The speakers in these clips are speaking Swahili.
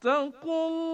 咱公。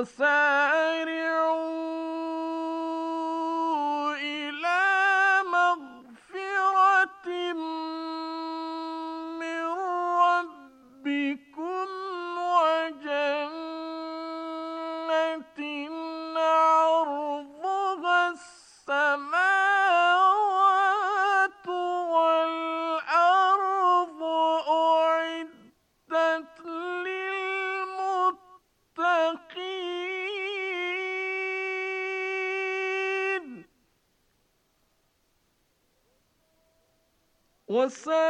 وسارع yes, sir.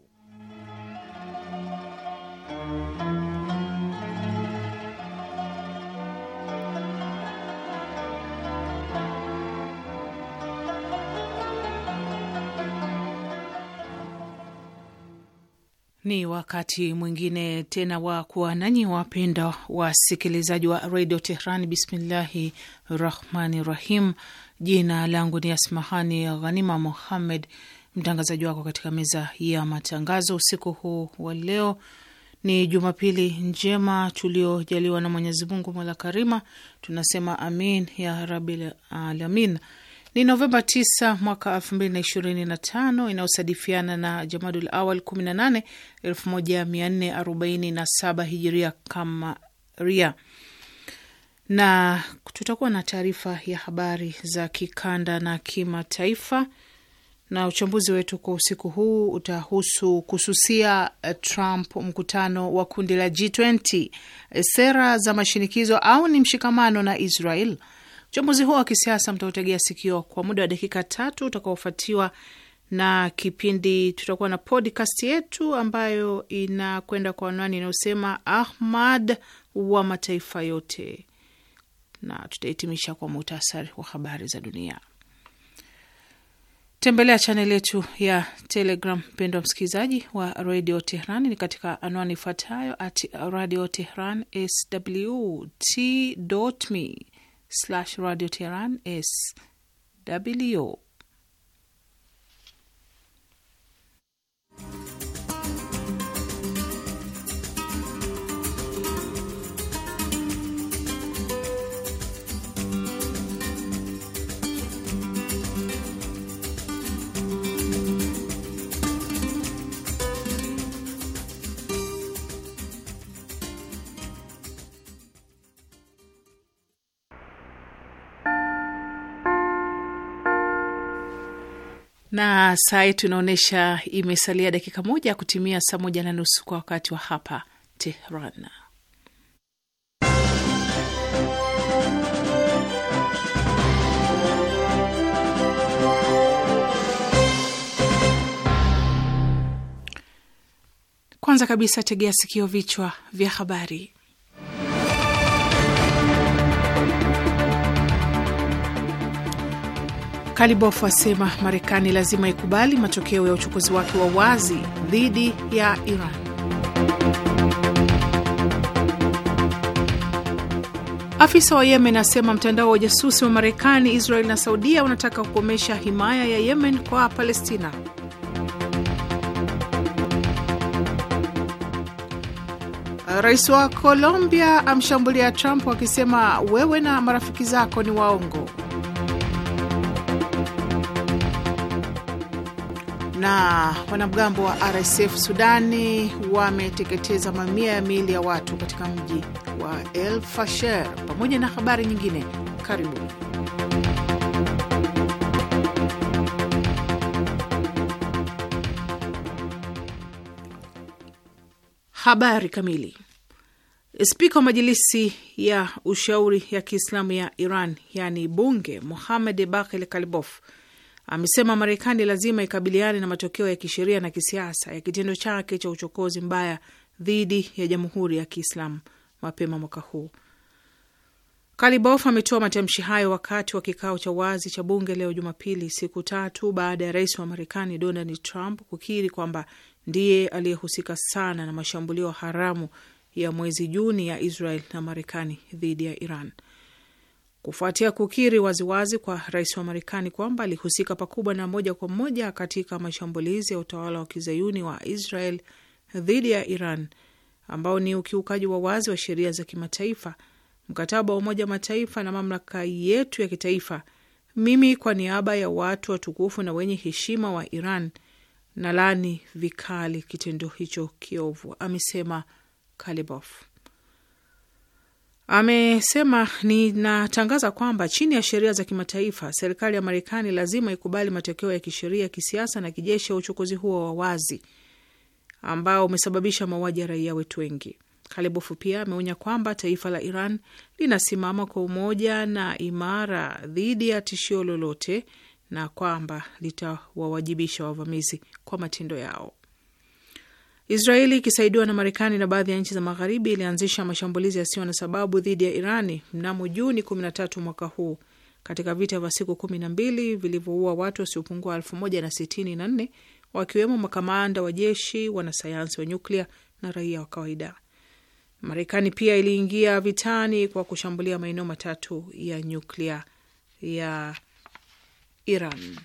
Ni wakati mwingine tena wa kuwa nanyi wapenda wasikilizaji wa redio Tehran. Bismillahi rahmani rahim. Jina langu ni Asmahani Ghanima Muhammed, mtangazaji wako katika meza ya matangazo usiku huu wa leo. Ni Jumapili njema tuliojaliwa na Mwenyezi Mungu mola karima, tunasema amin ya rabil alamin. Ni Novemba 9 mwaka 2025 inayosadifiana na Jamadul Awal 18 1447 hijiria kamaria, na tutakuwa na taarifa ya habari za kikanda na kimataifa, na uchambuzi wetu kwa usiku huu utahusu kususia eh, Trump mkutano wa kundi la G20, eh, sera za mashinikizo au ni mshikamano na Israel Uchambuzi huo wa kisiasa mtautegea sikio kwa muda wa dakika tatu utakaofuatiwa na kipindi. Tutakuwa na podcast yetu ambayo inakwenda kwa anwani inayosema Ahmad wa mataifa yote, na tutahitimisha kwa muhtasari wa habari za dunia. Tembelea chaneli yetu ya Telegram, mpendwa msikilizaji wa Radio Tehran, ni katika anwani ifuatayo at Radio Tehran sw slash Radio Tehran is W na saa yetu inaonyesha imesalia dakika moja kutimia saa moja na nusu kwa wakati wa hapa Tehran. Kwanza kabisa tegea sikio, vichwa vya habari. Kalibof asema Marekani lazima ikubali matokeo ya uchokozi wake wa wazi dhidi ya Iran. Afisa wa Yemen asema mtandao wa ujasusi wa Marekani, israel na Saudia unataka kukomesha himaya ya Yemen kwa Palestina. Rais wa Colombia amshambulia Trump akisema wewe na marafiki zako ni waongo. na wanamgambo wa RSF Sudani wameteketeza mamia ya miili ya watu katika mji wa El Fasher, pamoja na habari nyingine. Karibuni. Habari kamili. Spika wa Majilisi ya Ushauri ya Kiislamu ya Iran, yaani bunge, Muhamed bakhel Kalibof amesema Marekani lazima ikabiliane na matokeo ya kisheria na kisiasa ya kitendo chake cha uchokozi mbaya dhidi ya Jamhuri ya Kiislamu mapema mwaka huu. Kalibof ametoa matamshi hayo wakati wa kikao cha wazi cha bunge leo Jumapili, siku tatu baada ya rais wa Marekani Donald Trump kukiri kwamba ndiye aliyehusika sana na mashambulio haramu ya mwezi Juni ya Israel na Marekani dhidi ya Iran kufuatia kukiri waziwazi kwa rais wa Marekani kwamba alihusika pakubwa na moja kwa moja katika mashambulizi ya utawala wa kizayuni wa Israel dhidi ya Iran ambao ni ukiukaji wa wazi wa sheria za kimataifa, mkataba wa Umoja Mataifa na mamlaka yetu ya kitaifa, mimi kwa niaba ya watu watukufu na wenye heshima wa Iran na laani vikali kitendo hicho kiovu, amesema Kalibof amesema ninatangaza kwamba chini ya sheria za kimataifa serikali ya Marekani lazima ikubali matokeo ya kisheria, kisiasa na kijeshi ya uchokozi huo wa wazi ambao umesababisha mauaji ya raia wetu wengi. Kalibofu pia ameonya kwamba taifa la Iran linasimama kwa umoja na imara dhidi ya tishio lolote na kwamba litawawajibisha wavamizi kwa matendo yao. Israeli ikisaidiwa na Marekani na baadhi ya nchi za Magharibi ilianzisha mashambulizi yasiyo na sababu dhidi ya Irani mnamo Juni 13 mwaka huu katika vita vya siku 12 vilivyoua watu wasiopungua 1064 wakiwemo makamanda wa jeshi, wanasayansi wa nyuklia na raia wa kawaida. Marekani pia iliingia vitani kwa kushambulia maeneo matatu ya nyuklia ya Iran.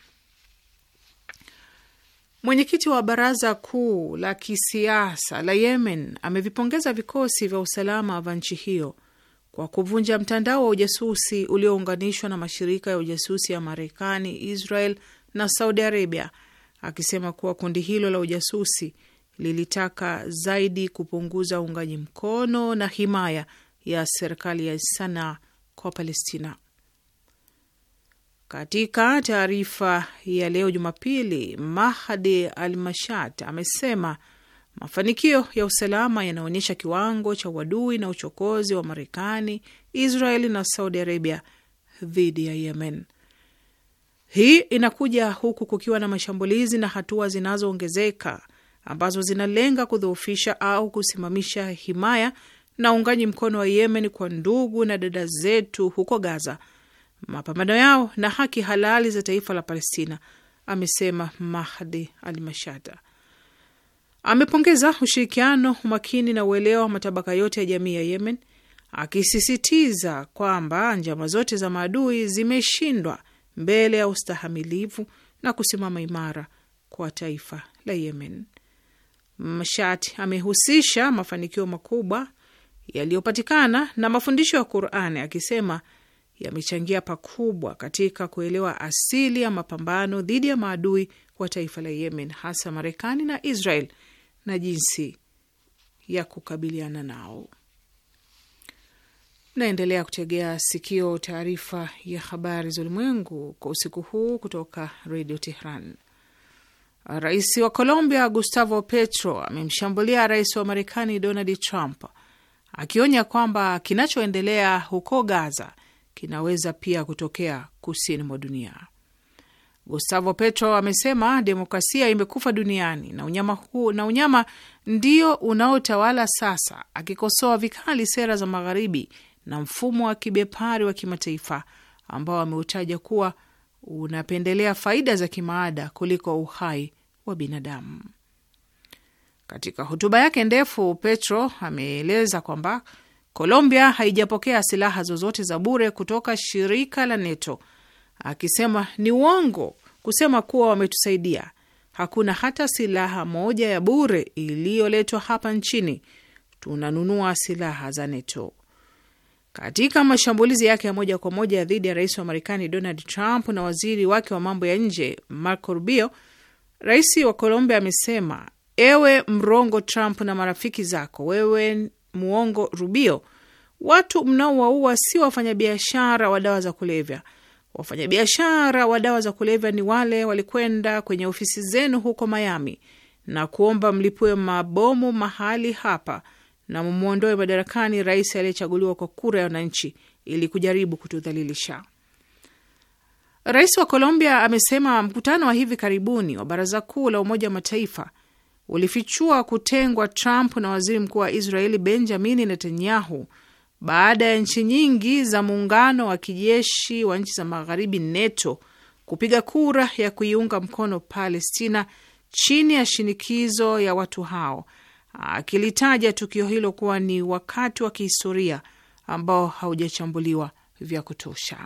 Mwenyekiti wa baraza kuu la kisiasa la Yemen amevipongeza vikosi vya usalama vya nchi hiyo kwa kuvunja mtandao wa ujasusi uliounganishwa na mashirika ya ujasusi ya Marekani, Israel na Saudi Arabia, akisema kuwa kundi hilo la ujasusi lilitaka zaidi kupunguza uungaji mkono na himaya ya serikali ya Sanaa kwa Palestina. Katika taarifa ya leo Jumapili, Mahdi Al-Mashat amesema mafanikio ya usalama yanaonyesha kiwango cha uadui na uchokozi wa Marekani, Israeli na Saudi Arabia dhidi ya Yemen. Hii inakuja huku kukiwa na mashambulizi na hatua zinazoongezeka ambazo zinalenga kudhoofisha au kusimamisha himaya na uungaji mkono wa Yemen kwa ndugu na dada zetu huko Gaza mapambano yao na haki halali za taifa la Palestina, amesema Mahdi al Mashada. Amepongeza ushirikiano, umakini na uelewa wa matabaka yote ya jamii ya Yemen, akisisitiza kwamba njama zote za maadui zimeshindwa mbele ya ustahamilivu na kusimama imara kwa taifa la Yemen. Mashati amehusisha mafanikio makubwa yaliyopatikana na mafundisho ya Qur'ani akisema yamechangia pakubwa katika kuelewa asili ya mapambano dhidi ya maadui wa taifa la Yemen, hasa Marekani na Israel na jinsi ya kukabiliana nao. Naendelea kutegea sikio taarifa ya habari za ulimwengu kwa usiku huu kutoka redio Tehran. Rais wa Colombia Gustavo Petro amemshambulia rais wa Marekani Donald Trump akionya kwamba kinachoendelea huko Gaza kinaweza pia kutokea kusini mwa dunia. Gustavo Petro amesema demokrasia imekufa duniani na unyama huu, na unyama ndio unaotawala sasa, akikosoa vikali sera za magharibi na mfumo wa kibepari wa kimataifa ambao ameutaja kuwa unapendelea faida za kimaada kuliko uhai wa binadamu. Katika hotuba yake ndefu, Petro ameeleza kwamba Colombia haijapokea silaha zozote za bure kutoka shirika la NATO, akisema ni uongo kusema kuwa wametusaidia. Hakuna hata silaha moja ya bure iliyoletwa hapa nchini, tunanunua silaha za NATO. Katika mashambulizi yake ya moja kwa moja dhidi ya rais wa Marekani Donald Trump na waziri wake wa mambo ya nje Marco Rubio, rais wa Colombia amesema, ewe mrongo Trump na marafiki zako, wewe muongo Rubio, watu mnaowaua si wafanyabiashara wa dawa za kulevya. Wafanyabiashara wa dawa za kulevya ni wale walikwenda kwenye ofisi zenu huko Miami na kuomba mlipue mabomu mahali hapa na mumwondoe madarakani rais aliyechaguliwa kwa kura ya wananchi ili kujaribu kutudhalilisha. Rais wa Colombia amesema mkutano wa hivi karibuni wa Baraza Kuu la Umoja wa Mataifa ulifichua kutengwa Trump na waziri mkuu wa Israeli Benjamini Netanyahu baada ya nchi nyingi za muungano wa kijeshi wa nchi za magharibi NATO kupiga kura ya kuiunga mkono Palestina chini ya shinikizo ya watu hao, akilitaja tukio hilo kuwa ni wakati wa kihistoria ambao haujachambuliwa vya kutosha.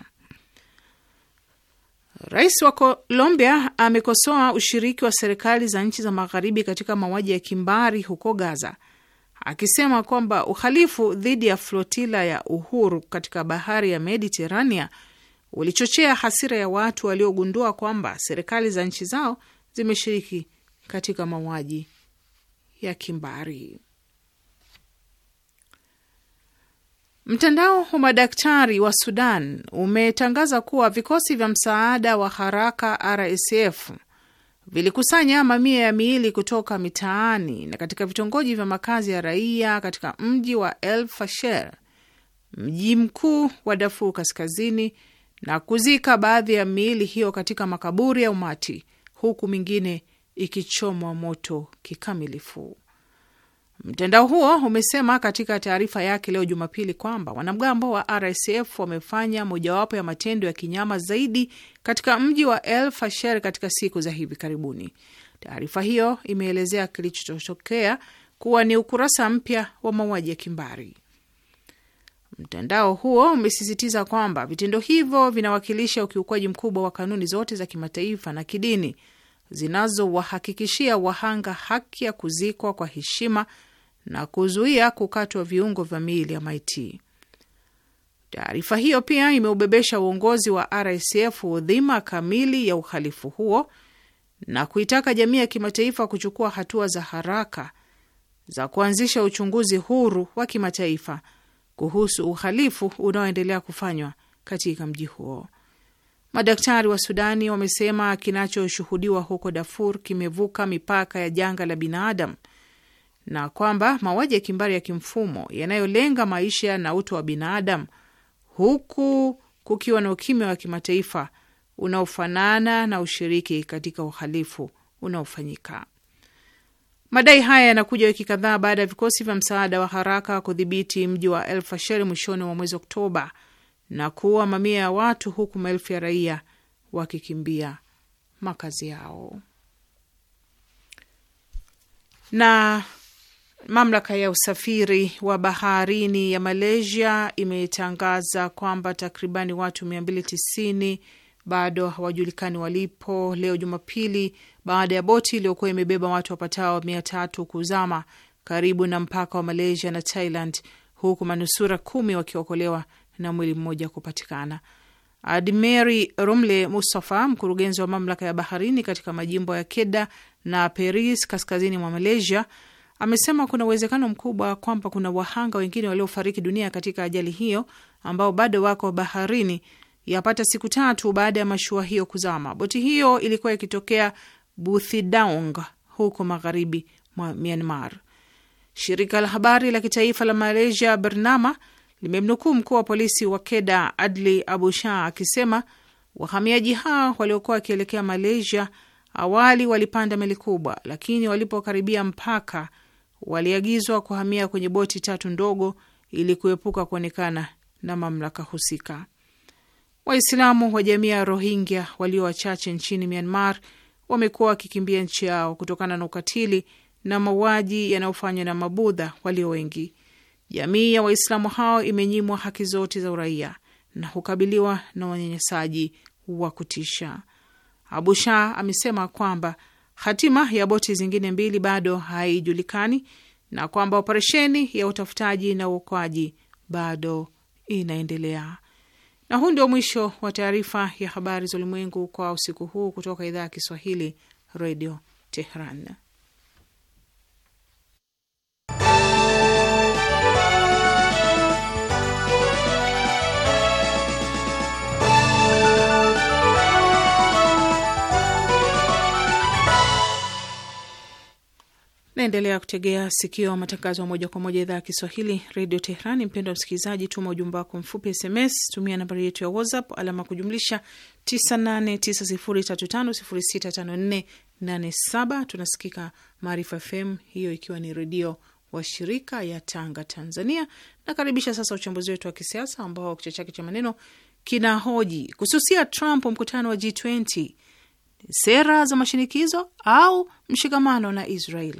Rais wa Colombia amekosoa ushiriki wa serikali za nchi za magharibi katika mauaji ya kimbari huko Gaza, akisema kwamba uhalifu dhidi ya flotila ya uhuru katika bahari ya Mediterania ulichochea hasira ya watu waliogundua kwamba serikali za nchi zao zimeshiriki katika mauaji ya kimbari. Mtandao wa madaktari wa Sudan umetangaza kuwa vikosi vya msaada wa haraka RSF vilikusanya mamia ya miili kutoka mitaani na katika vitongoji vya makazi ya raia katika mji wa El Fasher, mji mkuu wa Darfur Kaskazini, na kuzika baadhi ya miili hiyo katika makaburi ya umati, huku mingine ikichomwa moto kikamilifu. Mtandao huo umesema katika taarifa yake leo Jumapili kwamba wanamgambo wa RSF wamefanya mojawapo ya matendo ya kinyama zaidi katika mji wa El Fasher katika siku za hivi karibuni. Taarifa hiyo imeelezea kilichotokea kuwa ni ukurasa mpya wa mauaji ya kimbari. Mtandao huo umesisitiza kwamba vitendo hivyo vinawakilisha ukiukwaji mkubwa wa kanuni zote za kimataifa na kidini zinazowahakikishia wahanga haki ya kuzikwa kwa heshima na kuzuia kukatwa viungo vya miili ya maiti. Taarifa hiyo pia imeubebesha uongozi wa RSF dhima kamili ya uhalifu huo na kuitaka jamii ya kimataifa kuchukua hatua za haraka za kuanzisha uchunguzi huru wa kimataifa kuhusu uhalifu unaoendelea kufanywa katika mji huo. Madaktari wa Sudani wamesema kinachoshuhudiwa huko Darfur kimevuka mipaka ya janga la binadamu na kwamba mauaji ya kimbari ya kimfumo yanayolenga maisha na utu wa binadamu huku kukiwa na ukimya wa kimataifa unaofanana na ushiriki katika uhalifu unaofanyika. Madai haya yanakuja wiki kadhaa baada ya vikosi vya msaada wa haraka kudhibiti mji wa El Fasher mwishoni mwa mwezi Oktoba na kuua mamia ya watu huku maelfu ya raia wakikimbia makazi yao na Mamlaka ya usafiri wa baharini ya Malaysia imetangaza kwamba takribani watu 290 bado hawajulikani walipo leo Jumapili, baada ya boti iliyokuwa imebeba watu wapatao 3 kuzama karibu na mpaka wa Malaysia na Thailand, huku manusura kumi wakiokolewa na mwili mmoja kupatikana. Admeri rumle Mustafa, mkurugenzi wa mamlaka ya baharini katika majimbo ya Kedah na Peris kaskazini mwa Malaysia, amesema kuna uwezekano mkubwa kwamba kuna wahanga wengine waliofariki dunia katika ajali hiyo ambao bado wako baharini yapata siku tatu baada ya mashua hiyo kuzama. Boti hiyo ilikuwa ikitokea Buthidaung huko magharibi mwa Myanmar. Shirika la habari la kitaifa la Malaysia Bernama limemnukuu mkuu wa polisi wa keda Adli Abu Shah akisema wahamiaji hao waliokuwa wakielekea Malaysia awali walipanda meli kubwa, lakini walipokaribia mpaka waliagizwa kuhamia kwenye boti tatu ndogo ili kuepuka kuonekana na mamlaka husika. Waislamu wa jamii ya Rohingya walio wachache nchini Myanmar wamekuwa wakikimbia nchi yao kutokana na ukatili na mauaji yanayofanywa na mabudha walio wengi. Jamii ya Waislamu hao imenyimwa haki zote za uraia na hukabiliwa na wanyanyasaji wa kutisha. Abu Shah amesema kwamba Hatima ya boti zingine mbili bado haijulikani na kwamba operesheni ya utafutaji na uokoaji bado inaendelea. Na huu ndio mwisho wa taarifa ya habari za ulimwengu kwa usiku huu kutoka idhaa ya Kiswahili, Redio Tehran. Naendelea kutegea sikio matangazo ya moja kwa moja idhaa ya Kiswahili redio Tehrani. Mpendwa msikilizaji, tuma ujumbe wako mfupi SMS, tumia nambari yetu ya WhatsApp alama kujumlisha 989035065487. Tunasikika Maarifa FM, hiyo ikiwa ni redio wa shirika ya Tanga, Tanzania. Nakaribisha sasa uchambuzi wetu wa kisiasa ambao kichwa chake cha maneno kinahoji kususia Trump mkutano wa G20, sera za mashinikizo au mshikamano na Israel.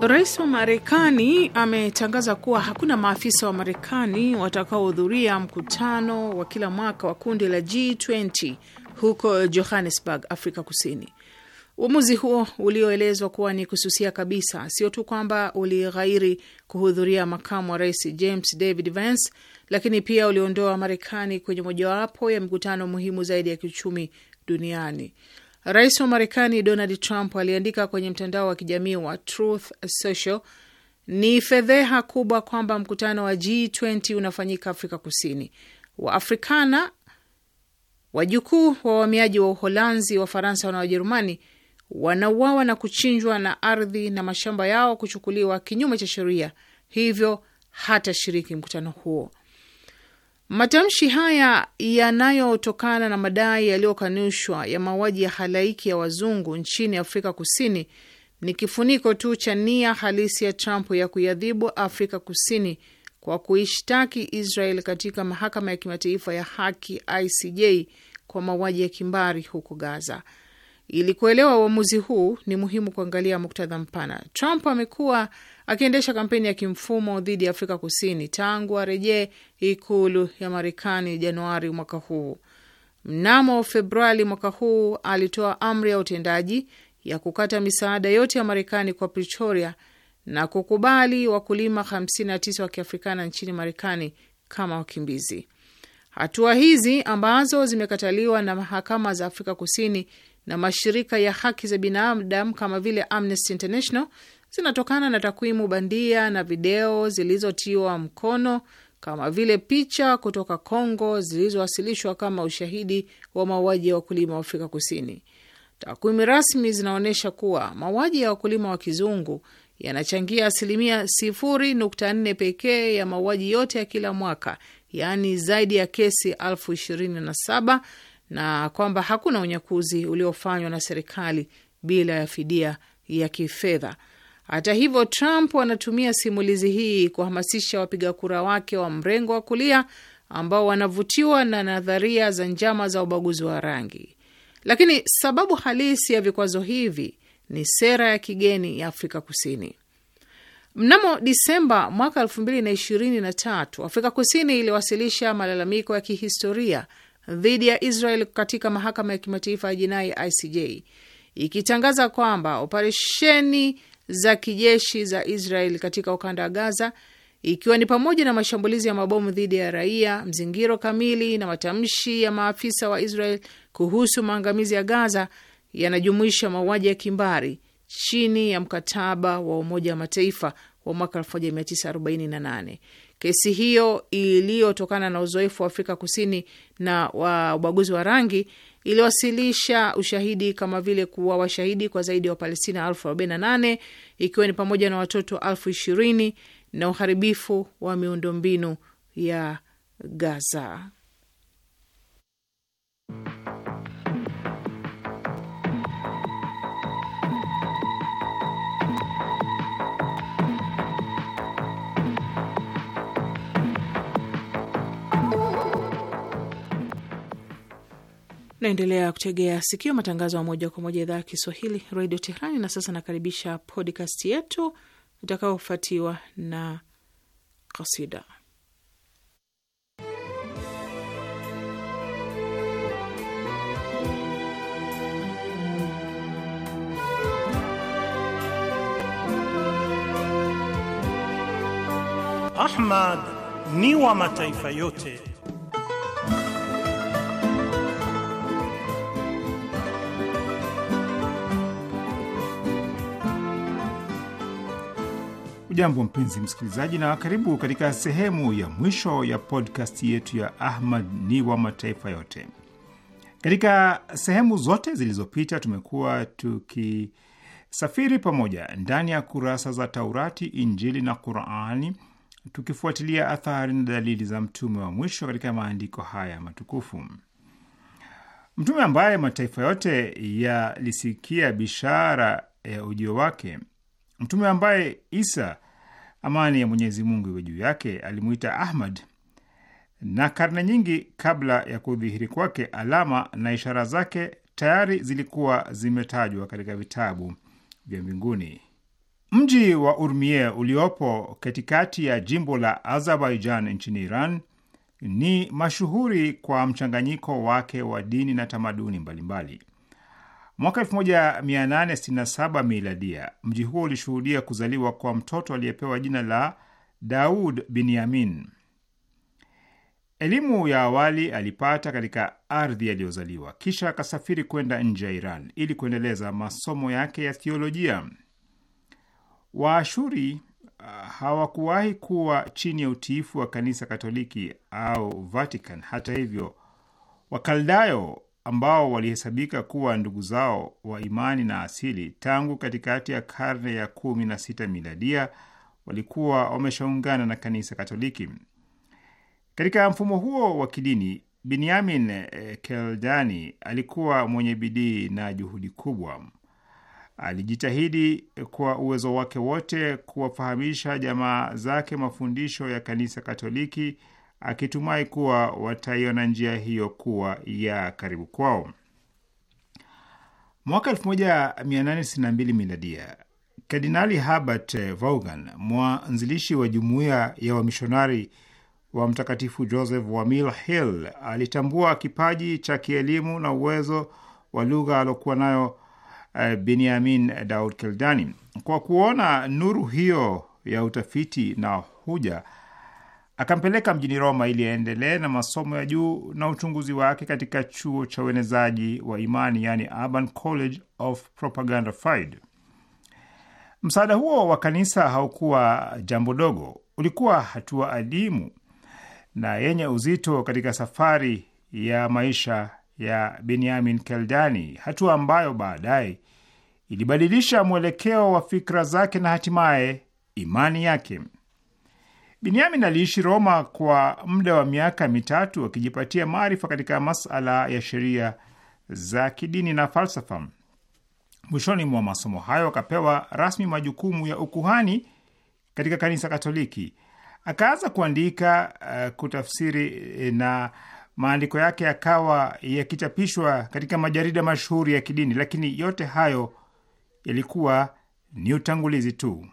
Rais wa Marekani ametangaza kuwa hakuna maafisa wa Marekani watakaohudhuria mkutano wa kila mwaka wa kundi la G20 huko Johannesburg, Afrika Kusini. Uamuzi huo ulioelezwa kuwa ni kususia kabisa, sio tu kwamba ulighairi kuhudhuria makamu wa rais James David Vance, lakini pia uliondoa Marekani kwenye mojawapo ya mikutano muhimu zaidi ya kiuchumi duniani. Rais wa Marekani Donald Trump aliandika kwenye mtandao wa kijamii wa Truth Social, ni fedheha kubwa kwamba mkutano wa G20 unafanyika Afrika Kusini. Waafrikana wajukuu wa wahamiaji wa Uholanzi, wa faransa na Wajerumani wanauawa na kuchinjwa na ardhi na mashamba yao kuchukuliwa kinyume cha sheria, hivyo hatashiriki mkutano huo. Matamshi haya yanayotokana na madai yaliyokanushwa ya mauaji ya halaiki ya wazungu nchini Afrika Kusini ni kifuniko tu cha nia halisi ya Trump ya kuiadhibu Afrika Kusini kwa kuishtaki Israel katika mahakama ya kimataifa ya haki ICJ kwa mauaji ya kimbari huko Gaza. Ili kuelewa uamuzi huu, ni muhimu kuangalia muktadha mpana. Trump amekuwa akiendesha kampeni ya kimfumo dhidi ya Afrika Kusini tangu arejee ikulu ya Marekani Januari mwaka huu. Mnamo Februari mwaka huu alitoa amri ya utendaji ya kukata misaada yote ya Marekani kwa Pretoria na kukubali wakulima 59 wa Kiafrikana nchini Marekani kama wakimbizi. Hatua hizi ambazo zimekataliwa na mahakama za Afrika Kusini na mashirika ya haki za binadamu kama vile Amnesty International zinatokana na takwimu bandia na video zilizotiwa mkono kama vile picha kutoka Kongo zilizowasilishwa kama ushahidi wa mauaji ya wakulima wa Afrika Kusini. Takwimu rasmi zinaonyesha kuwa mauaji ya wakulima wa kizungu yanachangia asilimia 0.4 pekee ya mauaji yote ya kila mwaka, yaani zaidi ya kesi elfu na kwamba hakuna unyakuzi uliofanywa na serikali bila ya fidia ya kifedha hata hivyo, Trump anatumia simulizi hii kuhamasisha wapiga kura wake wa mrengo wa kulia ambao wanavutiwa na nadharia za njama za ubaguzi wa rangi, lakini sababu halisi ya vikwazo hivi ni sera ya kigeni ya Afrika Kusini. Mnamo Disemba mwaka tatu, Afrika Kusini iliwasilisha malalamiko ya kihistoria dhidi ya Israel katika mahakama ya kimataifa ya jinai ICJ, ikitangaza kwamba operesheni za kijeshi za Israel katika ukanda wa Gaza, ikiwa ni pamoja na mashambulizi ya mabomu dhidi ya raia, mzingiro kamili na matamshi ya maafisa wa Israel kuhusu maangamizi ya Gaza yanajumuisha mauaji ya kimbari chini ya mkataba wa Umoja wa Mataifa wa mwaka 1948. Kesi hiyo iliyotokana na uzoefu wa Afrika Kusini na wa ubaguzi wa rangi iliwasilisha ushahidi kama vile kuwa washahidi kwa zaidi ya Wapalestina elfu arobaini na nane ikiwa ni pamoja na watoto elfu ishirini na uharibifu wa miundombinu ya Gaza. Naendelea kutegea sikio matangazo ya moja kwa moja idhaa ya Kiswahili radio Tehrani. Na sasa nakaribisha podcast yetu itakayofuatiwa na kasida. Ahmad ni wa mataifa yote Ujambo mpenzi msikilizaji, na karibu katika sehemu ya mwisho ya podcast yetu ya Ahmad ni wa mataifa yote. Katika sehemu zote zilizopita, tumekuwa tukisafiri pamoja ndani ya kurasa za Taurati, Injili na Qurani, tukifuatilia athari na dalili za mtume wa mwisho katika maandiko haya matukufu, mtume ambaye mataifa yote yalisikia bishara ya ujio wake Mtume ambaye Isa, amani ya Mwenyezi Mungu iwe juu yake, alimwita Ahmad, na karne nyingi kabla ya kudhihiri kwake, alama na ishara zake tayari zilikuwa zimetajwa katika vitabu vya mbinguni. Mji wa Urmie uliopo katikati ya jimbo la Azerbaijan nchini Iran ni mashuhuri kwa mchanganyiko wake wa dini na tamaduni mbalimbali. Mwaka 1867 miladia, mji huo ulishuhudia kuzaliwa kwa mtoto aliyepewa jina la Daud Binyamin. Elimu ya awali alipata katika ardhi aliyozaliwa, kisha akasafiri kwenda nje ya Iran ili kuendeleza masomo yake ya thiolojia. Waashuri uh, hawakuwahi kuwa chini ya utiifu wa kanisa Katoliki au Vatican. Hata hivyo, Wakaldayo ambao walihesabika kuwa ndugu zao wa imani na asili tangu katikati ya karne ya kumi na sita miladia walikuwa wameshaungana na kanisa Katoliki. Katika mfumo huo wa kidini, Binyamin eh, Keldani alikuwa mwenye bidii na juhudi kubwa. Alijitahidi kwa uwezo wake wote kuwafahamisha jamaa zake mafundisho ya kanisa Katoliki akitumai kuwa wataiona njia hiyo kuwa ya karibu kwao. Mwaka 1862 miladia, Kardinali Herbert Vaughan, mwanzilishi wa jumuiya ya wamishonari wa Mtakatifu Joseph wa Mill Hill, alitambua kipaji cha kielimu na uwezo wa lugha aliokuwa nayo eh, Benyamin Daud Keldani. Kwa kuona nuru hiyo ya utafiti na hoja Akampeleka mjini Roma ili aendelee na masomo ya juu na uchunguzi wake katika chuo cha uenezaji wa imani, yani Urban College of Propaganda Fide. Msaada huo wa kanisa haukuwa jambo dogo, ulikuwa hatua adimu na yenye uzito katika safari ya maisha ya Benyamin Keldani, hatua ambayo baadaye ilibadilisha mwelekeo wa fikra zake na hatimaye imani yake. Binyamin aliishi Roma kwa muda wa miaka mitatu akijipatia maarifa katika masala ya sheria za kidini na falsafa. Mwishoni mwa masomo hayo akapewa rasmi majukumu ya ukuhani katika kanisa Katoliki. Akaanza kuandika, uh, kutafsiri eh, na maandiko yake yakawa yakichapishwa katika majarida mashuhuri ya kidini, lakini yote hayo yalikuwa ni utangulizi tu.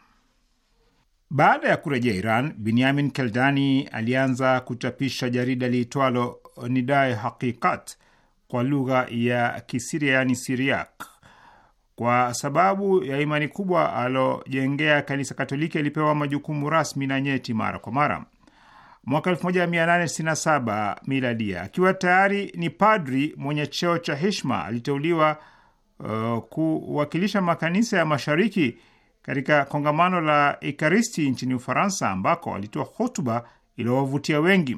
Baada ya kurejea Iran, Binyamin Keldani alianza kuchapisha jarida liitwalo Nidai Haqiqat kwa lugha ya Kisiria, yani Siriak. Kwa sababu ya imani kubwa alojengea kanisa Katoliki, alipewa majukumu rasmi na nyeti mara kwa mara. Mwaka 1867 miladia, akiwa tayari ni padri mwenye cheo cha heshima, aliteuliwa uh, kuwakilisha makanisa ya mashariki katika kongamano la Ekaristi nchini Ufaransa, ambako alitoa hotuba iliyowavutia wengi.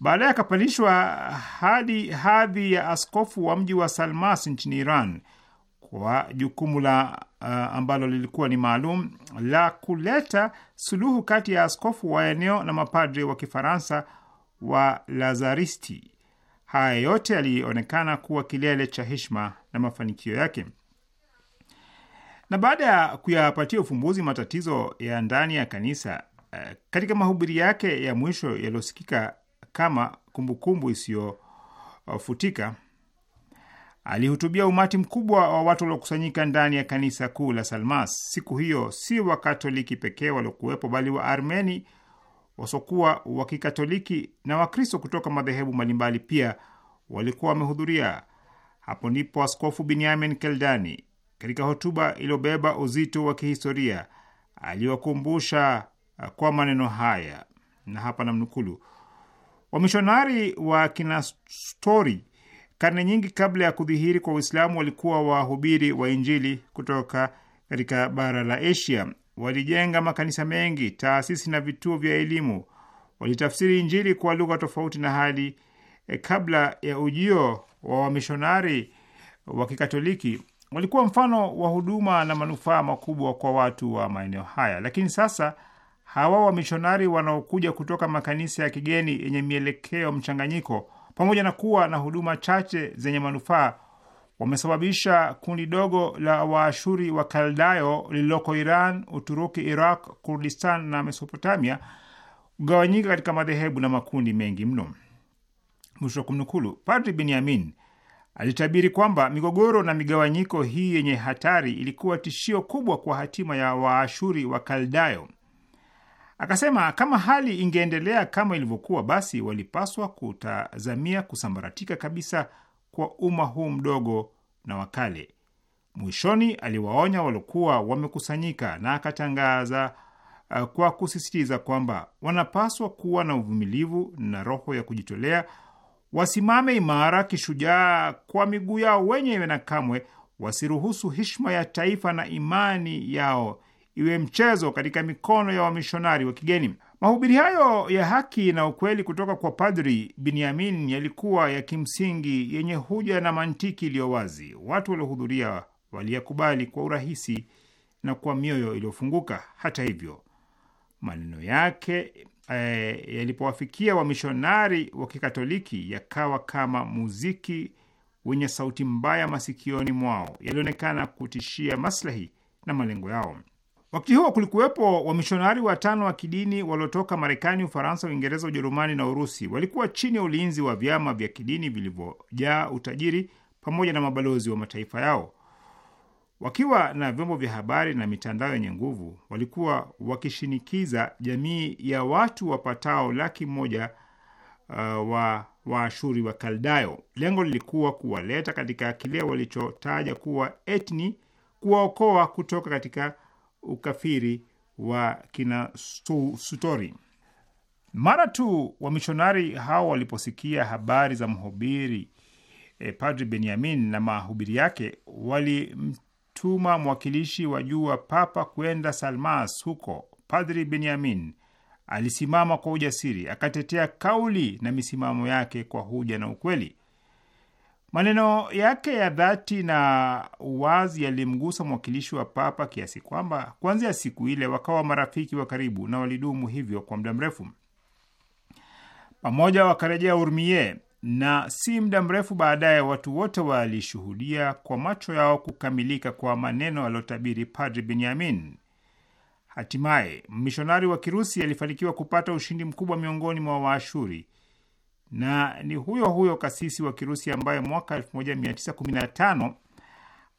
Baadaye akapandishwa hadi hadhi ya askofu wa mji wa Salmas nchini Iran kwa jukumu la uh, ambalo lilikuwa ni maalum la kuleta suluhu kati ya askofu wa eneo na mapadre wa Kifaransa wa Lazaristi. Haya yote yalionekana kuwa kilele cha heshima na mafanikio yake. Na baada ya kuyapatia ufumbuzi matatizo ya ndani ya kanisa eh, katika mahubiri yake ya mwisho yaliyosikika kama kumbukumbu isiyofutika, alihutubia umati mkubwa wa watu waliokusanyika ndani ya kanisa kuu la Salmas. Siku hiyo si Wakatoliki pekee waliokuwepo, bali Waarmeni wasokuwa wa Kikatoliki na Wakristo kutoka madhehebu mbalimbali pia walikuwa wamehudhuria. Hapo ndipo Askofu Binyamin Keldani katika hotuba iliyobeba uzito wa kihistoria aliwakumbusha uh, kwa maneno haya, na hapa namnukulu: wamishonari wa Kinastori karne nyingi kabla ya kudhihiri kwa Uislamu walikuwa wahubiri wa Injili kutoka katika bara la Asia. Walijenga makanisa mengi, taasisi na vituo vya elimu. Walitafsiri Injili kwa lugha tofauti na hali e, kabla ya ujio wa wamishonari wa Kikatoliki walikuwa mfano wa huduma na manufaa makubwa kwa watu wa maeneo haya. Lakini sasa hawa wamishonari wanaokuja kutoka makanisa ya kigeni yenye mielekeo mchanganyiko, pamoja na kuwa na huduma chache zenye manufaa, wamesababisha kundi dogo la Waashuri wa Kaldayo lililoko Iran, Uturuki, Iraq, Kurdistan na Mesopotamia kugawanyika katika madhehebu na makundi mengi mno. Mwisho wa kumnukulu. Padri Benyamin Alitabiri kwamba migogoro na migawanyiko hii yenye hatari ilikuwa tishio kubwa kwa hatima ya Waashuri wa Kaldayo. Akasema kama hali ingeendelea kama ilivyokuwa, basi walipaswa kutazamia kusambaratika kabisa kwa umma huu mdogo na wakale. Mwishoni aliwaonya waliokuwa wamekusanyika na akatangaza uh, kwa kusisitiza kwamba wanapaswa kuwa na uvumilivu na roho ya kujitolea wasimame imara kishujaa kwa miguu yao wenyewe na kamwe wasiruhusu heshima ya taifa na imani yao iwe mchezo katika mikono ya wamishonari wa kigeni. Mahubiri hayo ya haki na ukweli kutoka kwa Padri Binyamin yalikuwa ya kimsingi yenye hoja na mantiki iliyo wazi. Watu waliohudhuria waliyakubali kwa urahisi na kwa mioyo iliyofunguka. Hata hivyo, maneno yake e, yalipowafikia wamishonari wa Kikatoliki yakawa kama muziki wenye sauti mbaya masikioni mwao, yalionekana kutishia maslahi na malengo yao. Wakati huo kulikuwepo wamishonari watano wa kidini waliotoka Marekani, Ufaransa, Uingereza, Ujerumani na Urusi. Walikuwa chini ya ulinzi wa vyama vya kidini vilivyojaa utajiri pamoja na mabalozi wa mataifa yao. Wakiwa na vyombo vya habari na mitandao yenye nguvu, walikuwa wakishinikiza jamii ya watu wapatao laki moja uh, wa Waashuri wa Kaldayo. Lengo lilikuwa kuwaleta katika kile walichotaja kuwa etni, kuwaokoa kutoka katika ukafiri wa kina Sutori. Mara tu wamishonari hao waliposikia habari za mhubiri eh, Padri Benyamin na mahubiri yake, walim alituma mwakilishi wa juu wa papa kwenda Salmas huko, Padri Benyamin alisimama kwa ujasiri, akatetea kauli na misimamo yake kwa hoja na ukweli. Maneno yake ya dhati na wazi yalimgusa mwakilishi wa papa kiasi kwamba kuanzia siku ile wakawa marafiki wa karibu na walidumu hivyo kwa muda mrefu. Pamoja wakarejea Urmie na si muda mrefu baadaye watu wote walishuhudia kwa macho yao kukamilika kwa maneno aliyotabiri Padri Benyamin. Hatimaye mmishonari wa Kirusi alifanikiwa kupata ushindi mkubwa miongoni mwa Waashuri, na ni huyo huyo kasisi wa Kirusi ambaye mwaka 1915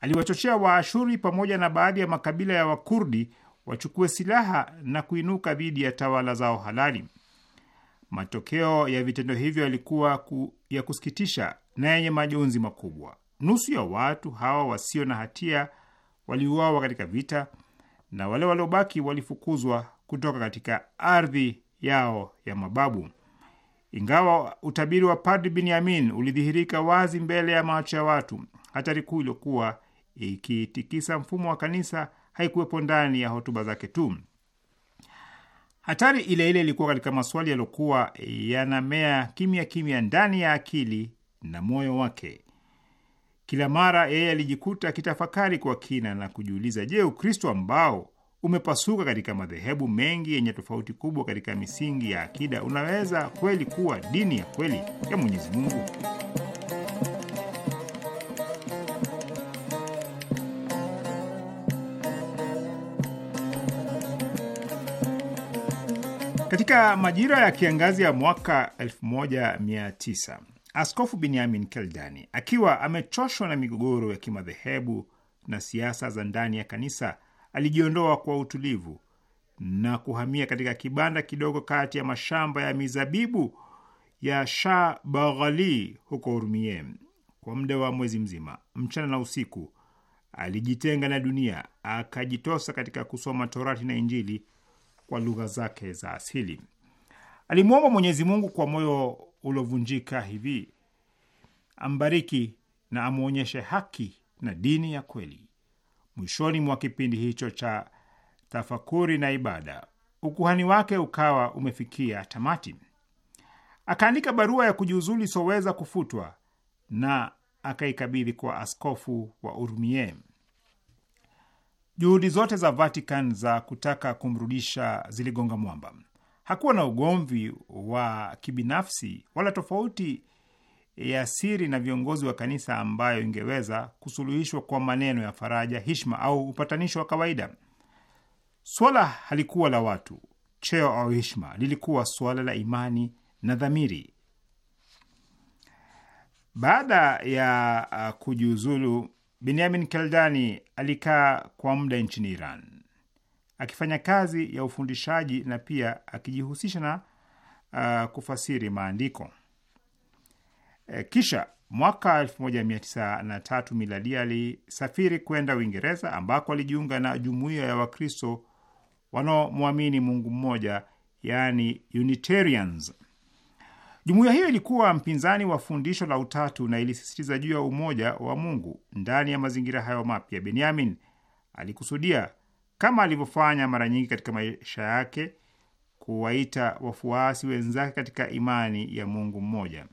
aliwachochea Waashuri pamoja na baadhi ya makabila ya Wakurdi wachukue silaha na kuinuka dhidi ya tawala zao halali. Matokeo ya vitendo hivyo yalikuwa ku, ya kusikitisha na yenye majonzi makubwa. Nusu ya watu hawa wasio na hatia waliuawa katika vita na wale waliobaki walifukuzwa kutoka katika ardhi yao ya mababu. Ingawa utabiri wa Padri Binyamin ulidhihirika wazi mbele ya macho ya watu, hatari kuu iliyokuwa ikitikisa mfumo wa kanisa haikuwepo ndani ya hotuba zake tu, Hatari ile ile ilikuwa katika maswali yaliokuwa yanamea kimya kimya ndani ya akili na moyo wake. Kila mara yeye alijikuta akitafakari kwa kina na kujiuliza, je, Ukristo ambao umepasuka katika madhehebu mengi yenye tofauti kubwa katika misingi ya akida unaweza kweli kuwa dini ya kweli ya Mwenyezi Mungu? Katika majira ya kiangazi ya mwaka 1900 Askofu Binyamin Keldani akiwa amechoshwa na migogoro ya kimadhehebu na siasa za ndani ya kanisa alijiondoa kwa utulivu na kuhamia katika kibanda kidogo kati ya mashamba ya mizabibu ya Shah Baghali huko Urmie. Kwa muda wa mwezi mzima, mchana na usiku, alijitenga na dunia, akajitosa katika kusoma Torati na Injili kwa lugha zake za asili. Alimwomba Mwenyezi Mungu kwa moyo uliovunjika hivi, ambariki na amwonyeshe haki na dini ya kweli. Mwishoni mwa kipindi hicho cha tafakuri na ibada, ukuhani wake ukawa umefikia tamati. Akaandika barua ya kujiuzulu isoweza kufutwa na akaikabidhi kwa askofu wa Urmiem. Juhudi zote za Vatican za kutaka kumrudisha ziligonga mwamba. Hakuwa na ugomvi wa kibinafsi wala tofauti ya siri na viongozi wa kanisa ambayo ingeweza kusuluhishwa kwa maneno ya faraja, hishma au upatanisho wa kawaida. Swala halikuwa la watu, cheo au hishma, lilikuwa swala la imani na dhamiri. Baada ya uh, kujiuzulu Benyamin Keldani alikaa kwa muda nchini Iran akifanya kazi ya ufundishaji na pia akijihusisha na uh, kufasiri maandiko. E, kisha mwaka 1903 miladi alisafiri kwenda Uingereza ambako alijiunga na jumuiya ya Wakristo wanaomwamini Mungu mmoja, yani Unitarians. Jumuiya hiyo ilikuwa mpinzani wa fundisho la utatu na ilisisitiza juu ya umoja wa Mungu. Ndani ya mazingira hayo mapya, Benyamin alikusudia, kama alivyofanya mara nyingi katika maisha yake, kuwaita wafuasi wenzake katika imani ya Mungu mmoja.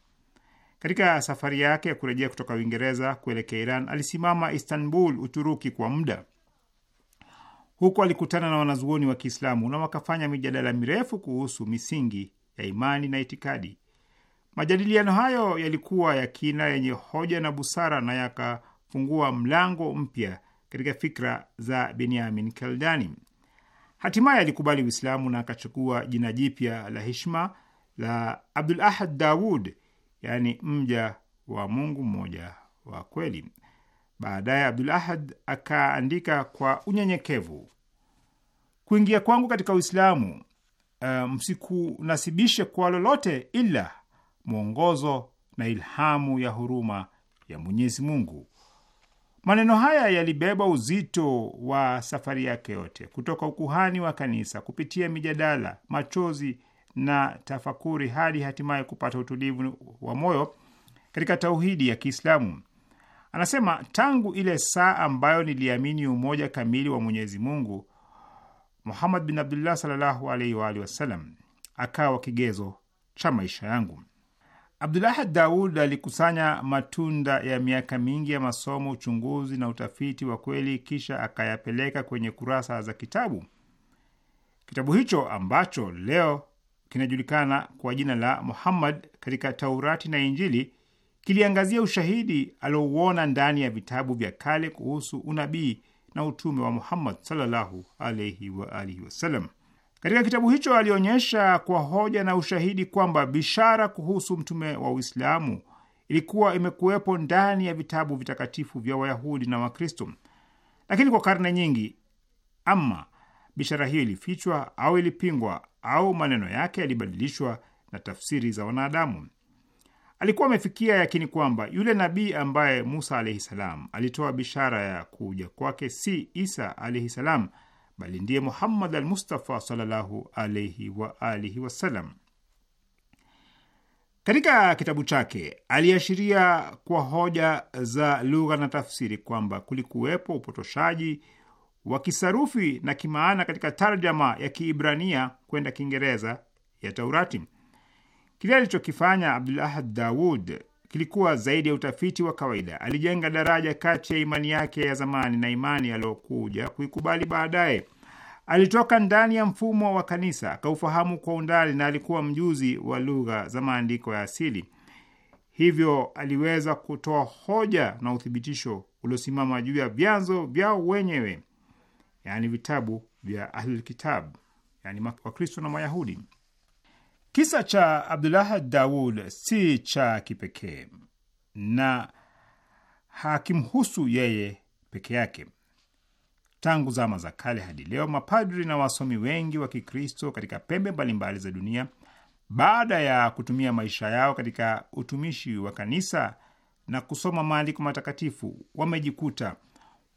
Katika safari yake ya kurejea kutoka Uingereza kuelekea Iran, alisimama Istanbul, Uturuki, kwa muda. Huko alikutana na wanazuoni wa Kiislamu na wakafanya mijadala mirefu kuhusu misingi ya imani na itikadi. Majadiliano hayo yalikuwa ya kina, yenye hoja na busara na yakafungua mlango mpya katika fikra za Benyamin Keldani. Hatimaye alikubali Uislamu na akachukua jina jipya la heshima la Abdul Ahad Dawud, yaani mja wa Mungu mmoja wa kweli. Baadaye Abdul Ahad akaandika kwa unyenyekevu, kuingia kwangu katika Uislamu uh, msikunasibishe kwa lolote ila mwongozo na ilhamu ya huruma ya Mwenyezi Mungu. Maneno haya yalibeba uzito wa safari yake yote, kutoka ukuhani wa kanisa kupitia mijadala, machozi na tafakuri hadi hatimaye kupata utulivu wa moyo katika tauhidi ya Kiislamu. Anasema, tangu ile saa ambayo niliamini umoja kamili wa Mwenyezi Mungu, Muhammad bin Abdullah sallallahu alaihi wa alihi wasallam akawa kigezo cha maisha yangu. Abdulahad Daud alikusanya matunda ya miaka mingi ya masomo, uchunguzi na utafiti wa kweli, kisha akayapeleka kwenye kurasa za kitabu. Kitabu hicho ambacho leo kinajulikana kwa jina la Muhammad katika Taurati na Injili kiliangazia ushahidi aliouona ndani ya vitabu vya kale kuhusu unabii na utume wa Muhammad sallallahu alaihi wa alihi wasallam. Katika kitabu hicho alionyesha kwa hoja na ushahidi kwamba bishara kuhusu mtume wa Uislamu ilikuwa imekuwepo ndani ya vitabu vitakatifu vya Wayahudi na Wakristo, lakini kwa karne nyingi, ama bishara hiyo ilifichwa au ilipingwa au maneno yake yalibadilishwa na tafsiri za wanadamu. Alikuwa amefikia yakini kwamba yule nabii ambaye Musa alahi salam alitoa bishara ya kuja kwake si Isa alaihi salam, bali ndiye Muhammad al Mustafa sallallahu alaihi wa alihi wasalam. Katika kitabu chake aliashiria kwa hoja za lugha na tafsiri kwamba kulikuwepo upotoshaji wa kisarufi na kimaana katika tarjama ya Kiibrania kwenda Kiingereza ya Taurati. Kile alichokifanya Abdulahad daud kilikuwa zaidi ya utafiti wa kawaida. Alijenga daraja kati ya imani yake ya zamani na imani aliyokuja kuikubali baadaye. Alitoka ndani ya mfumo wa kanisa, akaufahamu kwa undani, na alikuwa mjuzi wa lugha za maandiko ya asili. Hivyo aliweza kutoa hoja na uthibitisho uliosimama juu ya vyanzo vyao wenyewe, yaani vitabu vya Ahlulkitab, yaani Wakristo na Mayahudi. Kisa cha Abdullah Daud si cha kipekee na hakimhusu yeye peke yake. Tangu zama za kale hadi leo, mapadri na wasomi wengi wa Kikristo katika pembe mbalimbali za dunia, baada ya kutumia maisha yao katika utumishi wa kanisa na kusoma maandiko matakatifu, wamejikuta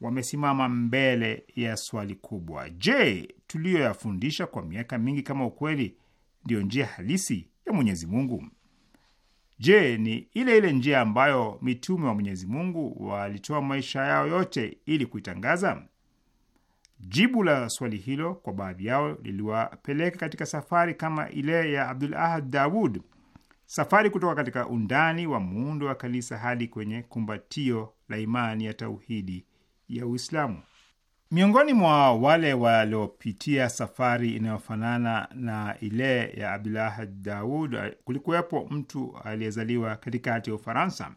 wamesimama mbele ya swali kubwa: Je, tuliyoyafundisha kwa miaka mingi kama ukweli ndiyo njia halisi ya Mwenyezi Mungu? Je, ni ile ile njia ambayo mitume wa Mwenyezi Mungu walitoa maisha yao yote ili kuitangaza? Jibu la swali hilo kwa baadhi yao liliwapeleka katika safari kama ile ya Abdul Ahad Dawud, safari kutoka katika undani wa muundo wa kanisa hadi kwenye kumbatio la imani ya tauhidi ya Uislamu. Miongoni mwa wale waliopitia safari inayofanana na ile ya Abdullah Daud kulikuwepo mtu aliyezaliwa katikati ya Ufaransa.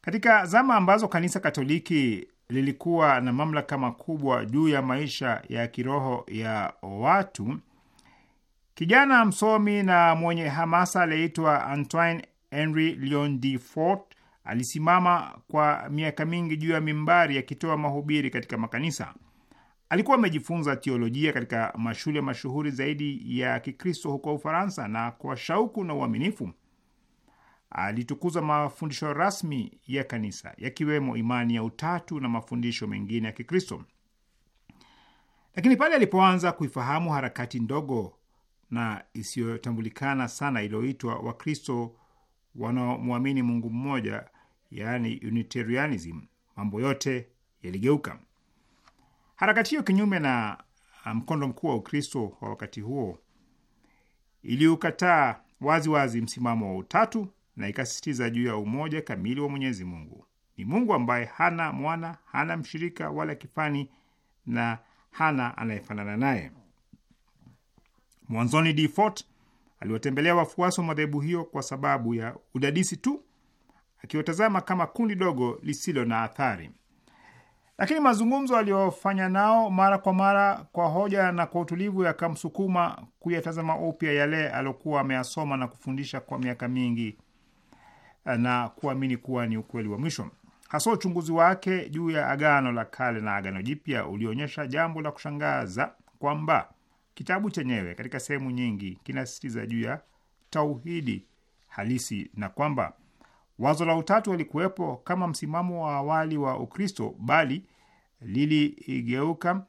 Katika zama ambazo kanisa Katoliki lilikuwa na mamlaka makubwa juu ya maisha ya kiroho ya watu, kijana msomi na mwenye hamasa aliyeitwa Antoine Henri Leon Fort Alisimama kwa miaka mingi juu ya mimbari akitoa mahubiri katika makanisa. Alikuwa amejifunza teolojia katika mashule mashuhuri zaidi ya Kikristo huko Ufaransa, na kwa shauku na uaminifu alitukuza mafundisho rasmi ya kanisa yakiwemo imani ya utatu na mafundisho mengine ya Kikristo. Lakini pale alipoanza kuifahamu harakati ndogo na isiyotambulikana sana iliyoitwa Wakristo wanaomwamini Mungu mmoja, yani Unitarianism, mambo yote yaligeuka. Harakati hiyo, kinyume na uh, mkondo mkuu wa Ukristo wa wakati huo, iliukataa waziwazi msimamo wa utatu na ikasisitiza juu ya umoja kamili wa Mwenyezi Mungu. Ni Mungu ambaye hana mwana, hana mshirika wala kifani na hana anayefanana naye. Mwanzoni, Defort aliwatembelea wafuasi wa madhehebu hiyo kwa sababu ya udadisi tu, akiwatazama kama kundi dogo lisilo na athari. Lakini mazungumzo aliyofanya nao mara kwa mara kwa hoja na kwa utulivu yakamsukuma kuyatazama upya yale aliokuwa ameyasoma na kufundisha kwa miaka mingi eh, na kuamini kuwa ni ukweli wa mwisho. Hasa uchunguzi wake juu ya Agano la Kale na Agano Jipya ulionyesha jambo la kushangaza kwamba Kitabu chenyewe katika sehemu nyingi kinasisitiza juu ya tauhidi halisi na kwamba wazo la utatu halikuwepo kama msimamo wa awali wa Ukristo bali liligeuka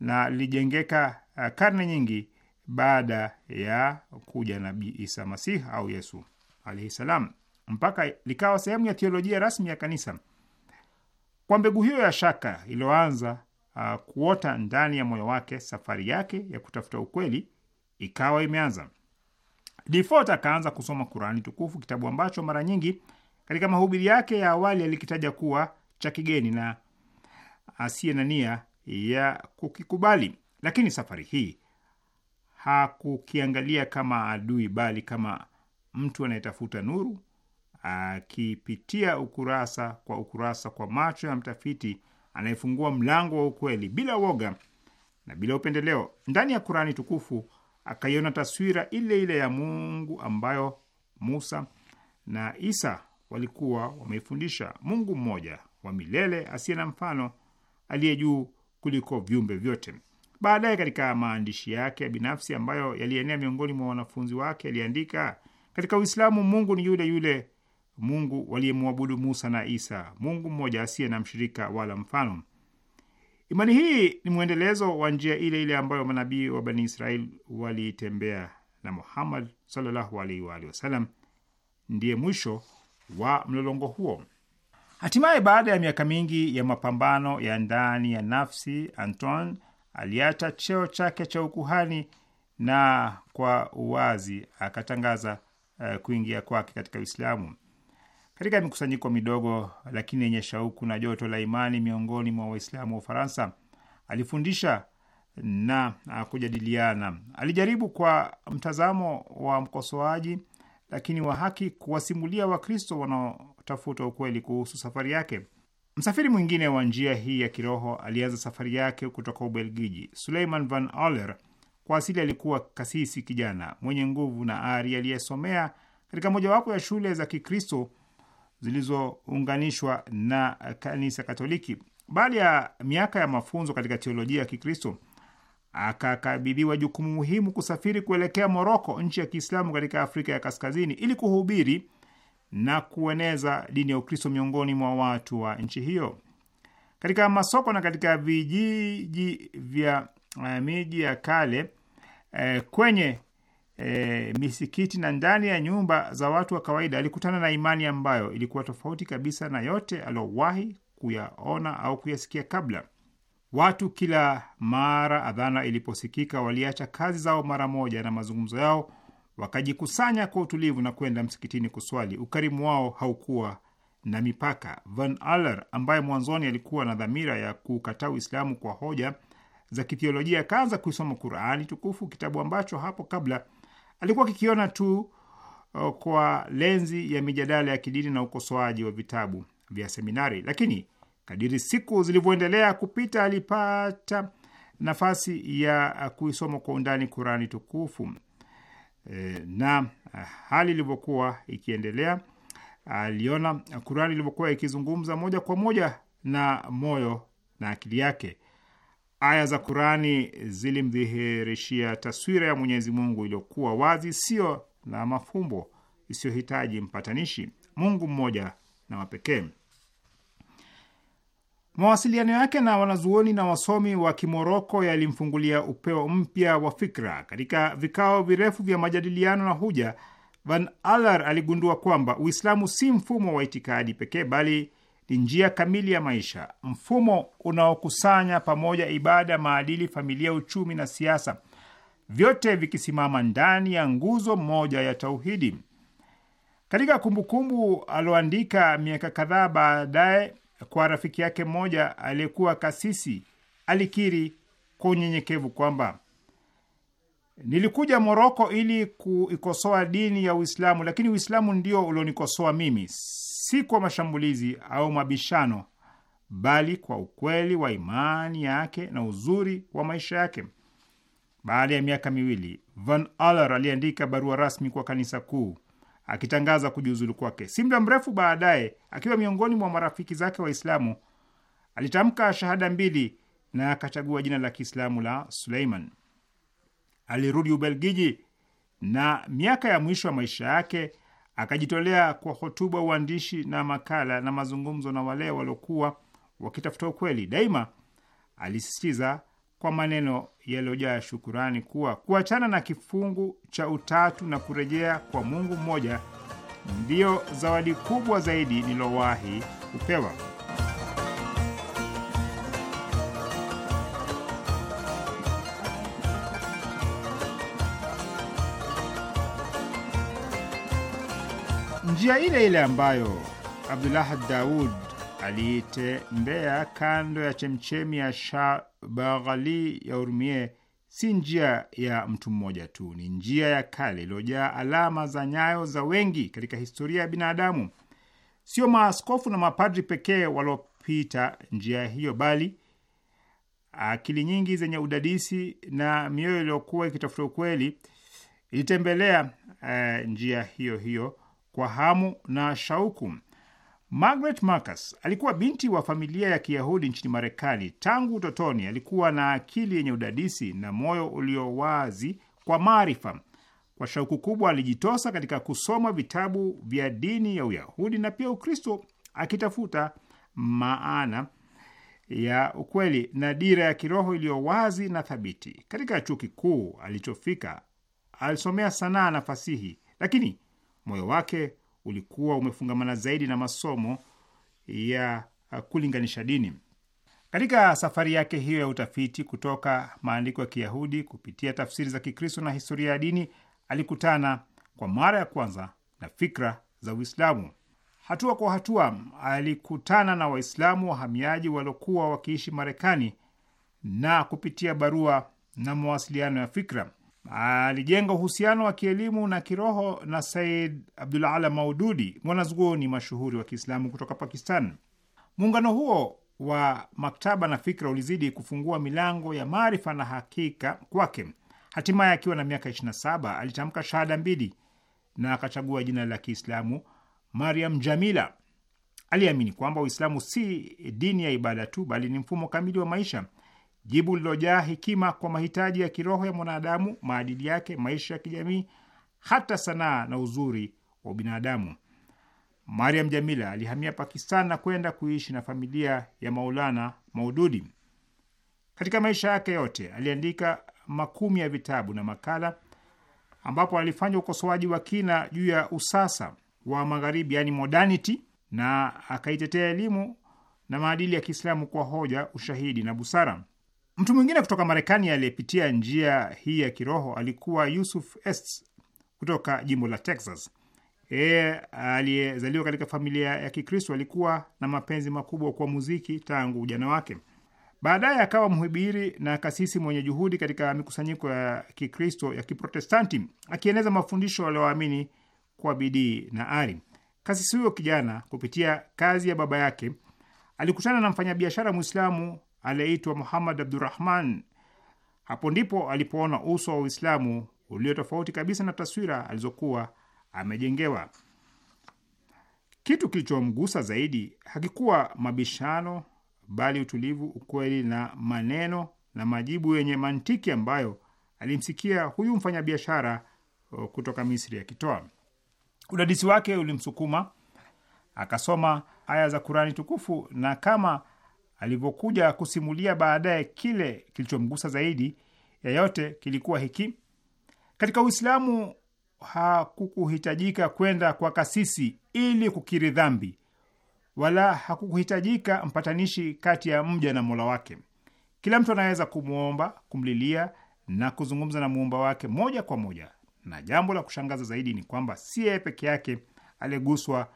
na lilijengeka eh, karne nyingi baada ya kuja Nabii Isa Masih au Yesu alaihi salam, mpaka likawa sehemu ya thiolojia rasmi ya kanisa. Kwa mbegu hiyo ya shaka iliyoanza uh, kuota ndani ya moyo wake, safari yake ya kutafuta ukweli ikawa imeanza. Default akaanza kusoma Kurani tukufu, kitabu ambacho mara nyingi katika mahubiri yake ya awali alikitaja kuwa cha kigeni na asiye na nia ya kukikubali. Lakini safari hii hakukiangalia kama adui, bali kama mtu anayetafuta nuru, akipitia ukurasa kwa ukurasa kwa macho ya mtafiti anayefungua mlango wa ukweli bila woga na bila upendeleo. Ndani ya Kurani tukufu akaiona taswira ile ile ya Mungu ambayo Musa na Isa walikuwa wameifundisha, Mungu mmoja wa milele asiye na mfano, aliye juu kuliko viumbe vyote. Baadaye katika maandishi yake ya binafsi ambayo yalienea miongoni mwa wanafunzi wake aliandika, katika Uislamu Mungu ni yule yule Mungu waliyemwabudu Musa na Isa, Mungu mmoja asiye na mshirika wala mfano. Imani hii ni mwendelezo wa njia ile ile ambayo manabii wa Bani Israeli waliitembea, na Muhammad sallallahu alaihi wa alihi wasallam ndiye mwisho wa mlolongo huo. Hatimaye, baada ya miaka mingi ya mapambano ya ndani ya nafsi, Anton aliacha cheo chake cha ukuhani na kwa uwazi akatangaza uh, kuingia kwake katika Uislamu katika mikusanyiko midogo lakini yenye shauku na joto la imani miongoni mwa Waislamu wa Ufaransa. Alifundisha na kujadiliana. Alijaribu kwa mtazamo wa mkosoaji lakini wa haki kuwasimulia Wakristo wanaotafuta ukweli kuhusu safari yake. Msafiri mwingine wa njia hii ya kiroho alianza safari yake kutoka Ubelgiji. Suleiman van Aller kwa asili alikuwa kasisi kijana mwenye nguvu na ari aliyesomea katika mojawapo ya shule za Kikristo zilizounganishwa na kanisa Katoliki. Baada ya miaka ya mafunzo katika teolojia ya Kikristo, akakabidhiwa jukumu muhimu kusafiri kuelekea Moroko, nchi ya Kiislamu katika Afrika ya Kaskazini, ili kuhubiri na kueneza dini ya Ukristo miongoni mwa watu wa nchi hiyo, katika masoko na katika vijiji vya eh, miji ya kale, eh, kwenye e, misikiti na ndani ya nyumba za watu wa kawaida, alikutana na imani ambayo ilikuwa tofauti kabisa na yote aliowahi kuyaona au kuyasikia kabla. Watu kila mara adhana iliposikika waliacha kazi zao mara moja na mazungumzo yao, wakajikusanya kwa utulivu na kwenda msikitini kuswali. Ukarimu wao haukuwa na mipaka. Van Aller ambaye mwanzoni alikuwa na dhamira ya kukataa Uislamu kwa hoja za kithiolojia, akaanza kuisoma Qurani tukufu, kitabu ambacho hapo kabla alikuwa akikiona tu uh, kwa lenzi ya mijadala ya kidini na ukosoaji wa vitabu vya seminari, lakini kadiri siku zilivyoendelea kupita alipata nafasi ya uh, kuisoma kwa undani Kurani tukufu e, na uh, hali ilivyokuwa ikiendelea, aliona Kurani ilivyokuwa ikizungumza moja kwa moja na moyo na akili yake aya za qurani zilimdhihirishia taswira ya Mwenyezi Mungu iliyokuwa wazi, sio na mafumbo, isiyohitaji mpatanishi, Mungu mmoja na wa pekee. Mawasiliano yake na wanazuoni na wasomi wa Kimoroko yalimfungulia upeo mpya wa fikra. Katika vikao virefu vya majadiliano na huja Van Aller aligundua kwamba Uislamu si mfumo wa itikadi pekee, bali ni njia kamili ya maisha, mfumo unaokusanya pamoja ibada, maadili, familia, uchumi na siasa, vyote vikisimama ndani ya nguzo moja ya tauhidi. Katika kumbukumbu alioandika miaka kadhaa baadaye kwa rafiki yake mmoja aliyekuwa kasisi, alikiri kwa unyenyekevu kwamba nilikuja Moroko ili kuikosoa dini ya Uislamu, lakini Uislamu ndio ulionikosoa mimi, si kwa mashambulizi au mabishano, bali kwa ukweli wa imani yake na uzuri wa maisha yake. Baada ya miaka miwili, Van Aller aliandika barua rasmi kwa kanisa kuu akitangaza kujiuzulu kwake. Si muda mrefu baadaye, akiwa miongoni mwa marafiki zake Waislamu, alitamka shahada mbili na akachagua jina la Kiislamu la Suleiman. Alirudi Ubelgiji na miaka ya mwisho ya maisha yake akajitolea kwa hotuba, uandishi na makala na mazungumzo na wale waliokuwa wakitafuta ukweli. Daima alisisitiza kwa maneno yaliyojaa shukurani kuwa kuachana na kifungu cha utatu na kurejea kwa Mungu mmoja ndiyo zawadi kubwa zaidi nilowahi kupewa. njia ile ile ambayo Abdullah Daud aliitembea kando ya chemchemi ya Shabaghali ya Urmie si njia ya mtu mmoja tu, ni njia ya kale iliyojaa alama za nyayo za wengi katika historia ya binadamu. Sio maaskofu na mapadri pekee waliopita njia hiyo, bali akili nyingi zenye udadisi na mioyo iliyokuwa ikitafuta ukweli ilitembelea uh, njia hiyo hiyo kwa hamu na shauku. Margaret Marcus alikuwa binti wa familia ya Kiyahudi nchini Marekani. Tangu utotoni alikuwa na akili yenye udadisi na moyo ulio wazi kwa maarifa. Kwa shauku kubwa alijitosa katika kusoma vitabu vya dini ya Uyahudi na pia Ukristo, akitafuta maana ya ukweli na dira ya kiroho iliyo wazi na thabiti. Katika chuo kikuu alichofika alisomea sanaa na fasihi, lakini Moyo wake ulikuwa umefungamana zaidi na masomo ya uh, kulinganisha dini. Katika safari yake hiyo ya utafiti, kutoka maandiko ya Kiyahudi kupitia tafsiri za Kikristo na historia ya dini, alikutana kwa mara ya kwanza na fikra za Uislamu. Hatua kwa hatua alikutana na Waislamu wahamiaji waliokuwa wakiishi Marekani na kupitia barua na mawasiliano ya fikra alijenga uhusiano wa kielimu na kiroho na Said Abdul Ala Maududi, mwanazuoni mashuhuri wa Kiislamu kutoka Pakistan. Muungano huo wa maktaba na fikra ulizidi kufungua milango ya maarifa na hakika kwake. Hatimaye akiwa na miaka 27 alitamka shahada mbili na akachagua jina la Kiislamu Mariam Jamila. Aliamini kwamba Uislamu si dini ya ibada tu, bali ni mfumo kamili wa maisha jibu lilojaa hekima kwa mahitaji ya kiroho ya mwanadamu, maadili yake, maisha ya kijamii, hata sanaa na uzuri wa binadamu. Mariam Jamila alihamia Pakistan na kwenda kuishi na familia ya Maulana Maududi. Katika maisha yake yote aliandika makumi ya vitabu na makala, ambapo alifanya ukosoaji wa kina juu ya usasa wa Magharibi, yani modernity, na akaitetea elimu na maadili ya Kiislamu kwa hoja, ushahidi na busara. Mtu mwingine kutoka Marekani aliyepitia njia hii ya kiroho alikuwa Yusuf Estes kutoka jimbo la Texas. Yeye aliyezaliwa katika familia ya Kikristo alikuwa na mapenzi makubwa kwa muziki tangu ujana wake. Baadaye akawa mhubiri na kasisi mwenye juhudi katika mikusanyiko ya Kikristo ya Kiprotestanti, akieneza mafundisho walioamini kwa bidii na ari. Kasisi huyo kijana, kupitia kazi ya baba yake, alikutana na mfanyabiashara Mwislamu aliyeitwa Muhammad Abdurrahman. Hapo ndipo alipoona uso wa Uislamu ulio tofauti kabisa na taswira alizokuwa amejengewa. Kitu kilichomgusa zaidi hakikuwa mabishano, bali utulivu, ukweli na maneno na majibu yenye mantiki ambayo alimsikia huyu mfanyabiashara kutoka Misri akitoa. Udadisi wake ulimsukuma akasoma aya za Kurani tukufu na kama alivyokuja kusimulia baadaye kile kilichomgusa zaidi ya yote kilikuwa hiki: katika Uislamu hakukuhitajika kwenda kwa kasisi ili kukiri dhambi, wala hakukuhitajika mpatanishi kati ya mja na mola wake. Kila mtu anaweza kumwomba, kumlilia na kuzungumza na muumba wake moja kwa moja. Na jambo la kushangaza zaidi ni kwamba si yeye peke yake aliyeguswa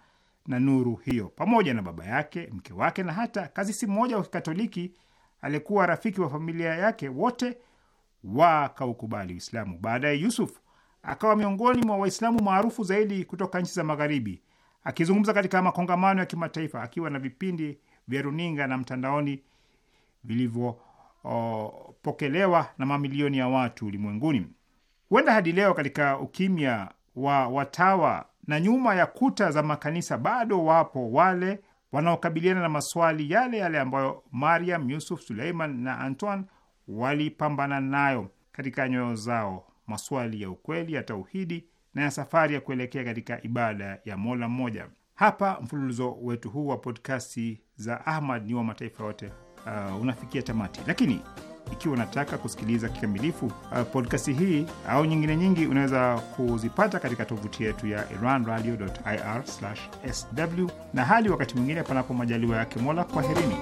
na nuru hiyo, pamoja na baba yake, mke wake na hata kazisi mmoja wa Kikatoliki aliyekuwa rafiki wa familia yake, wote wakaukubali Uislamu. Baadaye Yusuf akawa miongoni mwa Waislamu maarufu zaidi kutoka nchi za Magharibi, akizungumza katika makongamano ya kimataifa, akiwa na vipindi vya runinga na mtandaoni vilivyopokelewa na mamilioni ya watu ulimwenguni. Huenda hadi leo katika ukimya wa watawa na nyuma ya kuta za makanisa bado wapo wale wanaokabiliana na maswali yale yale ambayo Mariam, Yusuf, Suleiman na Antoine walipambana nayo katika nyoyo zao, maswali ya ukweli, ya tauhidi na ya safari ya kuelekea katika ibada ya Mola mmoja. Hapa mfululizo wetu huu wa podkasti za Ahmad ni wa mataifa yote uh, unafikia tamati, lakini ikiwa unataka kusikiliza kikamilifu uh, podkasti hii au nyingine nyingi, unaweza kuzipata katika tovuti yetu ya iranradio.ir/sw, na hadi wakati mwingine, panapo majaliwa yake Mola, kwaherini.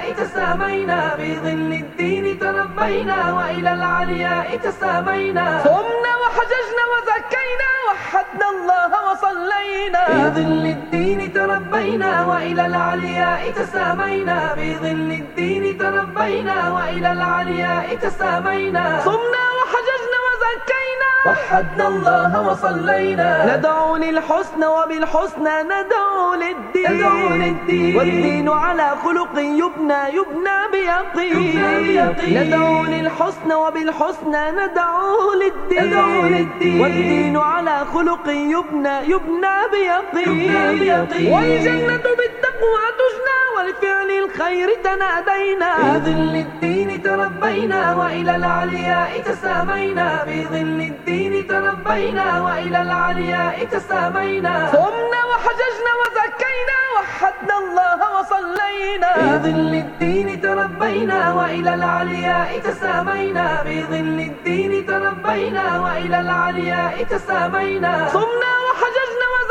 تسامينا بظل الدين تربينا وإلى العلياء تسامينا صمنا وحججنا وزكينا وحدنا الله وصلينا بظل الدين تربينا وإلى العلياء تسامينا بظل الدين تربينا وإلى العلياء تسامينا صمنا وحججنا وزكينا وحدنا الله وصلينا ندعو للحسن وبالحسنى ندعو للدين والدين على خلق يبنى يبنى بيقين, بيقين ندعو للحسن وبالحسنى ندعو للدين, للدين والدين على خلق يبنى يبنى بيقين, بيقين والجنة بالتقوى تجنى والفعل الخير تنادينا بظل الدين تربينا وإلى العلياء تسامينا بظل الدين تربينا وإلى العلياء تسامينا صمنا وحججنا وزكينا وحدنا الله وصلينا بظل الدين تربينا وإلى العلياء تسامينا بظل الدين تربينا وإلى العلياء تسامينا صمنا وحججنا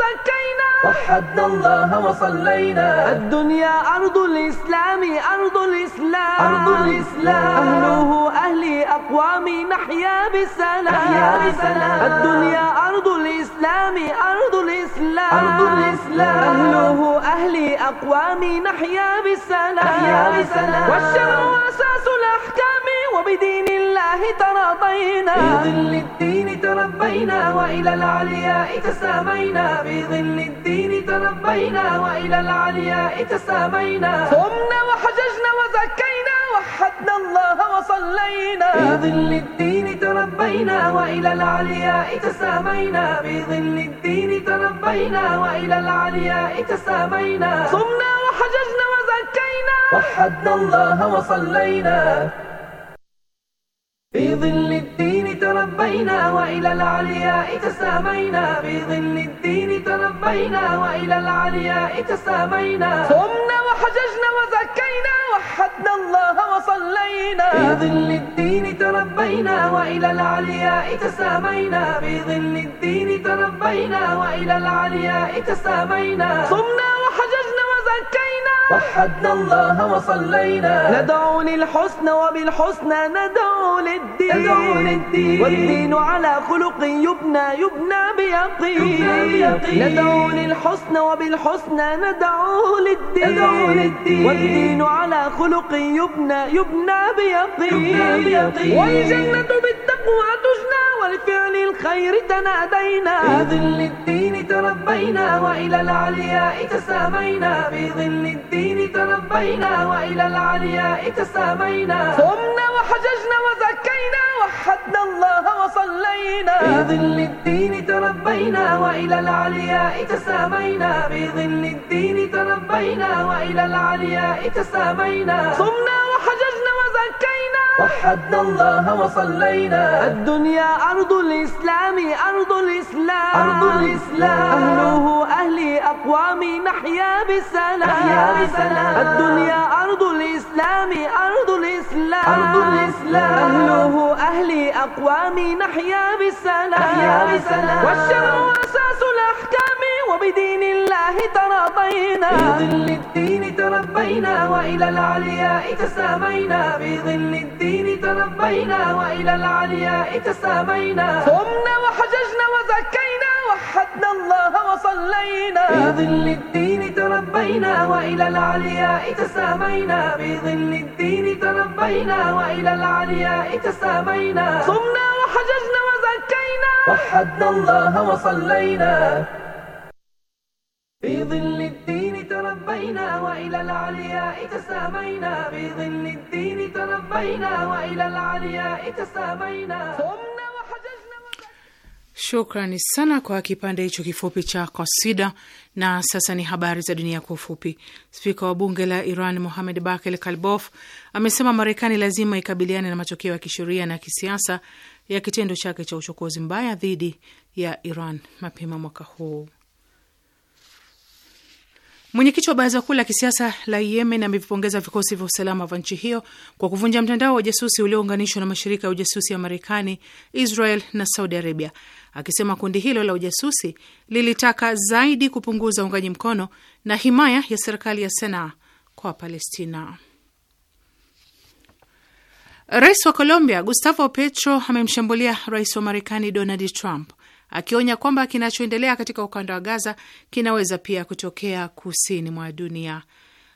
وزكينا وحدنا الله وصلينا الدنيا أرض الإسلام أرض الإسلام أرض الإسلام أهله أهلي أقوامي نحيا بسلام نحيا بسلام الدنيا أرض الإسلام أرض الإسلام أرض الإسلام أهله أهلي أقوامي نحيا بسلام نحيا بسلام والشرع أساس الأحكام وبدين الله في ظل الدين تربينا وإلى العلياء تسامينا ظل الدين تربينا وإلى العلياء تسامينا صمنا وحججنا وزكينا وحدنا الله وصلينا في ظل الدين تربينا وإلى العلياء تسامينا في ظل الدين تربينا وإلى العلياء تسامينا صمنا وحججنا وزكينا وحدنا الله وصلينا في ظل الدين تربينا وإلى العلياء تسامينا في ظل الدين تربينا وإلى العلياء تسامينا صمنا وحججنا وزكينا وحدنا الله وصلينا في ظل الدين تربينا وإلى العلياء تسامينا في ظل الدين تربينا وإلى العلياء تسامينا صمنا وحججنا وزكينا وحدنا الله وصلينا ندعو للحسن وبالحسنى ندعو للدين, ندعو للدين والدين على خلق يبنى يبنى بيقين, يبنى بيقين ندعو للحسن وبالحسنى ندعو للدين, ندعو للدين والدين على خلق يبنى يبنى بيقين, يبنى بيقين والجنة بالتقوى تجنى والفعل الخير تنادينا هذا الدين تربينا وإلى العلياء تسامينا في ظل الدين تربينا وإلى العلياء تسامينا صمنا وحججنا وزكينا وحدنا الله وصلينا في ظل الدين تربينا وإلى العلياء تسامينا في ظل الدين تربينا وإلى العلياء تسامينا صمنا وحججنا بكينا وحدنا الله وصلينا الدنيا أرض الإسلام أرض الإسلام أرض الإسلام أهله أهلي أقوامي نحيا بسلام نحيا بسلام الدنيا أرض الإسلام أرض الإسلام أرض الإسلام أهله أهلي أقوامي نحيا بسلام نحيا بسلام والشرع أساس الأحكام وبدين الله في بظل الدين تربينا وإلى العلياء تسامينا ظل الدين تربينا وإلى العلياء تسامينا صمنا وحججنا وزكينا وحدنا الله وصلينا في ظل الدين تربينا وإلى العلياء تسامينا في ظل الدين تربينا وإلى العلياء تسامينا صمنا وحججنا وزكينا وحدنا الله وصلينا في ظل الدين تربينا العلياء تسامينا في ظل الدين تربينا العلياء تسامينا Shukrani sana kwa kipande hicho kifupi cha kasida. Na sasa ni habari za dunia kwa ufupi. Spika wa bunge la Iran Mohamed Bakel Kalbof amesema Marekani lazima ikabiliane na matokeo ya kisheria na kisiasa ya kitendo chake cha uchokozi mbaya dhidi ya Iran mapema mwaka huu. Mwenyekiti wa baraza kuu la kisiasa la Yemen amevipongeza vikosi vya usalama vya nchi hiyo kwa kuvunja mtandao wa ujasusi uliounganishwa na mashirika ya ujasusi ya Marekani, Israel na Saudi Arabia, akisema kundi hilo la ujasusi lilitaka zaidi kupunguza uungaji mkono na himaya ya serikali ya Sanaa kwa Palestina. Rais wa Colombia Gustavo Petro amemshambulia rais wa Marekani Donald Trump akionya kwamba kinachoendelea katika ukanda wa Gaza kinaweza pia kutokea kusini mwa dunia.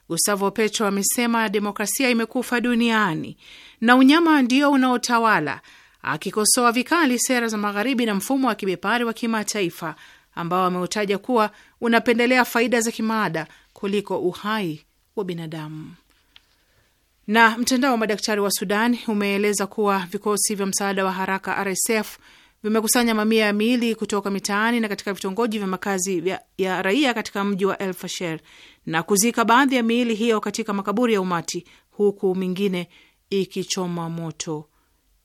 Gustavo Petro amesema demokrasia imekufa duniani na unyama ndio unaotawala, akikosoa vikali sera za Magharibi na mfumo wa kibepari wa kimataifa ambao ameutaja kuwa unapendelea faida za kimaada kuliko uhai wa binadamu. Na mtandao wa madaktari wa Sudan umeeleza kuwa vikosi vya msaada wa haraka RSF vimekusanya mamia ya miili kutoka mitaani na katika vitongoji vya makazi ya, ya raia katika mji wa El Fasher na kuzika baadhi ya miili hiyo katika makaburi ya umati huku mingine ikichoma moto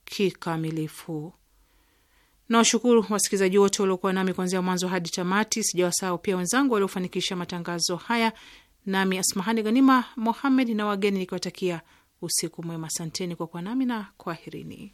kikamilifu. Nawashukuru wasikilizaji wote waliokuwa nami kuanzia mwanzo hadi tamati. Sijawasahau pia wenzangu waliofanikisha matangazo haya, nami Asmahani Ganima Mohamed na wageni nikiwatakia usiku mwema. Asanteni kwa kuwa nami na kwaherini.